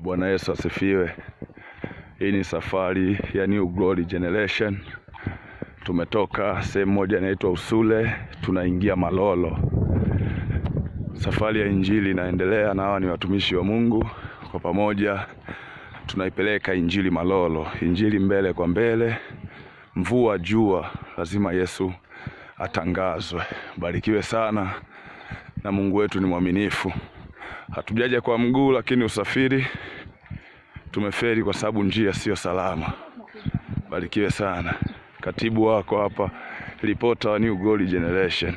Bwana Yesu asifiwe. Hii ni safari ya New Glory Generation. Tumetoka sehemu moja inaitwa Usule, tunaingia Malolo. Safari ya injili inaendelea, na hawa ni watumishi wa Mungu. Kwa pamoja tunaipeleka injili Malolo, injili mbele kwa mbele, mvua jua, lazima Yesu atangazwe. Barikiwe sana, na Mungu wetu ni mwaminifu. Hatujaja kwa mguu, lakini usafiri tumeferi kwa sababu njia sio salama. Barikiwe sana. Katibu wako hapa, ripota wa New Gold Generation.